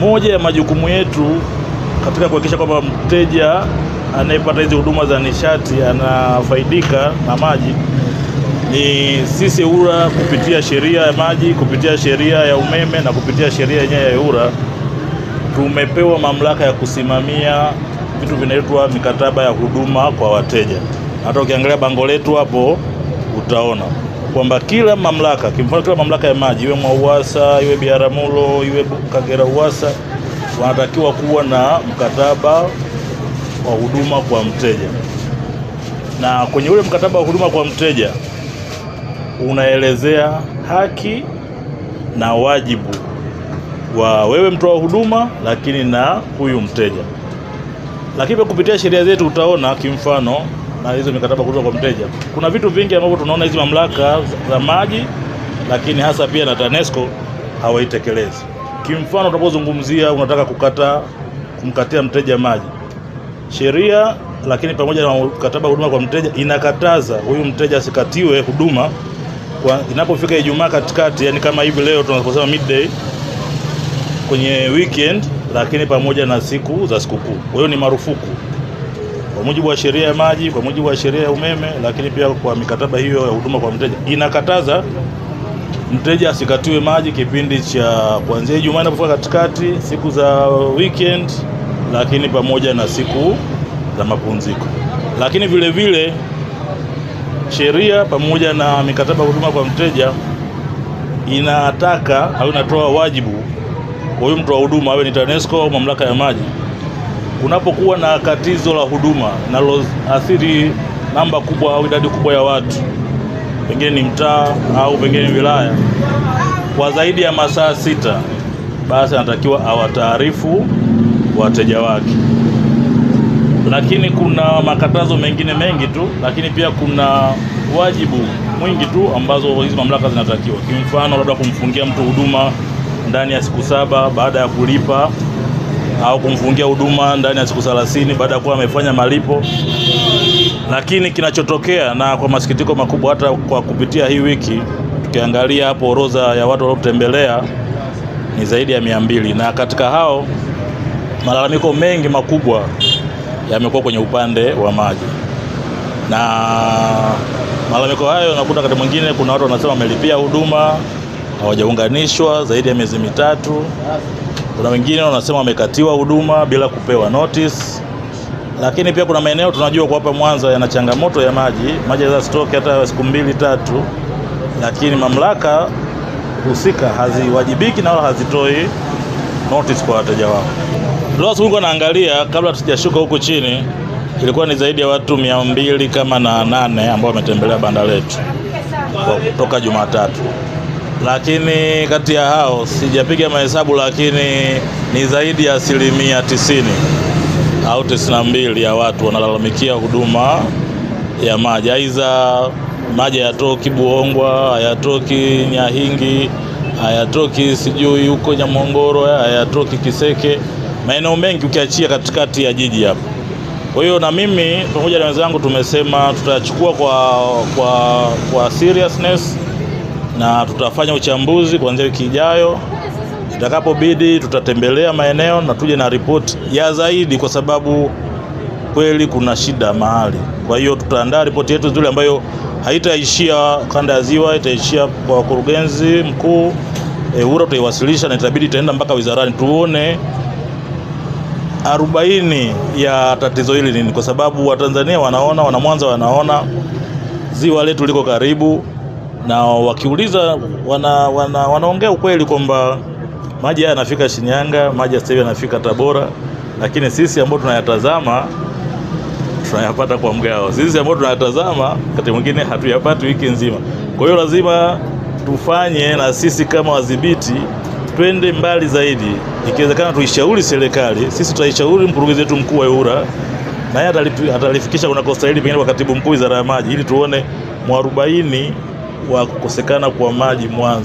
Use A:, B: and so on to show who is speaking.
A: Moja ya majukumu yetu katika kuhakikisha kwamba mteja anayepata hizi huduma za nishati anafaidika na maji ni sisi EWURA kupitia sheria ya maji, kupitia sheria ya umeme na kupitia sheria yenyewe ya EWURA tumepewa mamlaka ya kusimamia vitu vinaitwa mikataba ya huduma kwa wateja. Hata ukiangalia bango letu hapo utaona kwamba kila mamlaka, kimfano kila mamlaka ya maji iwe Mwauwasa iwe biaramulo iwe Kagera Uwasa wanatakiwa kuwa na mkataba wa huduma kwa mteja, na kwenye ule mkataba wa huduma kwa mteja unaelezea haki na wajibu wa wewe mtoa huduma, lakini na huyu mteja. Lakini kupitia sheria zetu utaona kimfano na hizo mikataba kutoka kwa mteja. Kuna vitu vingi ambavyo tunaona hizi mamlaka za maji lakini hasa pia na TANESCO hawaitekelezi. Kimfano, utakapozungumzia unataka kukata kumkatia mteja maji, sheria lakini pamoja na mkataba huduma kwa mteja inakataza huyu mteja asikatiwe huduma kwa inapofika Ijumaa katikati, yani kama hivi leo tunaposema midday kwenye weekend, lakini pamoja na siku za sikukuu. Kwa hiyo ni marufuku kwa mujibu wa sheria ya maji, kwa mujibu wa sheria ya umeme, lakini pia kwa mikataba hiyo ya huduma kwa mteja inakataza mteja asikatiwe maji kipindi cha kuanzia Ijumaa inapofika katikati, siku za weekend, lakini pamoja na siku za mapumziko. Lakini vile vile sheria pamoja na mikataba ya huduma kwa mteja inataka au inatoa wajibu kwa huyu mtu wa huduma awe ni TANESCO au mamlaka ya maji kunapokuwa na katizo la huduma athiri namba kubwa au idadi kubwa ya watu, pengine ni mtaa au pengine ni wilaya, kwa zaidi ya masaa sita, basi anatakiwa awataarifu wateja wake. Lakini kuna makatazo mengine mengi tu, lakini pia kuna wajibu mwingi tu ambazo hizi mamlaka zinatakiwa, kimfano labda kumfungia mtu huduma ndani ya siku saba baada ya kulipa au kumfungia huduma ndani ya siku 30 baada ya kuwa amefanya malipo. Lakini kinachotokea na kwa masikitiko makubwa, hata kwa kupitia hii wiki, tukiangalia hapo orodha ya watu waliotembelea ni zaidi ya mia mbili, na katika hao malalamiko mengi makubwa yamekuwa kwenye upande wa maji na malalamiko hayo nakuta wakati mwingine kuna watu wanasema wamelipia huduma hawajaunganishwa zaidi ya miezi mitatu. Kuna wengine wanasema wamekatiwa huduma bila kupewa notice, lakini pia kuna maeneo tunajua kwa hapa Mwanza yana changamoto ya maji, maji hazitoki hata siku mbili tatu, lakini mamlaka husika haziwajibiki na wala hazitoi notice kwa wateja wao. Leo siku naangalia kabla tusijashuka huku chini, ilikuwa ni zaidi ya watu mia mbili kama na nane ambao wametembelea banda letu toka Jumatatu lakini kati ya hao sijapiga mahesabu, lakini ni zaidi ya asilimia tisini au tisini na mbili ya watu wanalalamikia huduma ya maji. Aidha, maji hayatoki Buhongwa, hayatoki Nyahingi, hayatoki sijui huko Nyamongoro, hayatoki Kiseke, maeneo mengi ukiachia katikati ya jiji hapa. Kwa hiyo na mimi pamoja na wenzangu tumesema tutachukua kwa, kwa, kwa seriousness na tutafanya uchambuzi kuanzia wiki ijayo. Tutakapobidi tutatembelea maeneo na tuje na ripoti ya zaidi, kwa sababu kweli kuna shida mahali. Kwa hiyo tutaandaa ripoti yetu nzuri ambayo haitaishia kanda ya Ziwa, itaishia kwa wakurugenzi mkuu EWURA, tutaiwasilisha na itabidi itaenda mpaka wizarani, tuone arobaini ya tatizo hili nini, kwa sababu Watanzania wanaona, wana mwanza wanaona, ziwa letu liko karibu na wakiuliza wana, wana, wanaongea ukweli kwamba maji haya yanafika Shinyanga, maji sasa hivi yanafika Tabora, lakini sisi ambao tunayatazama tunayapata kwa mgao. Sisi ambao tunayatazama wakati mwingine hatuyapati wiki nzima. Kwa hiyo lazima tufanye na sisi kama wadhibiti twende mbali zaidi, ikiwezekana tuishauri serikali. Sisi tutaishauri mkurugenzi wetu mkuu wa EWURA naye atalifikisha kunakostahili, pengine kwa katibu mkuu wizara ya maji, ili tuone mwarobaini wa kukosekana kwa maji Mwanza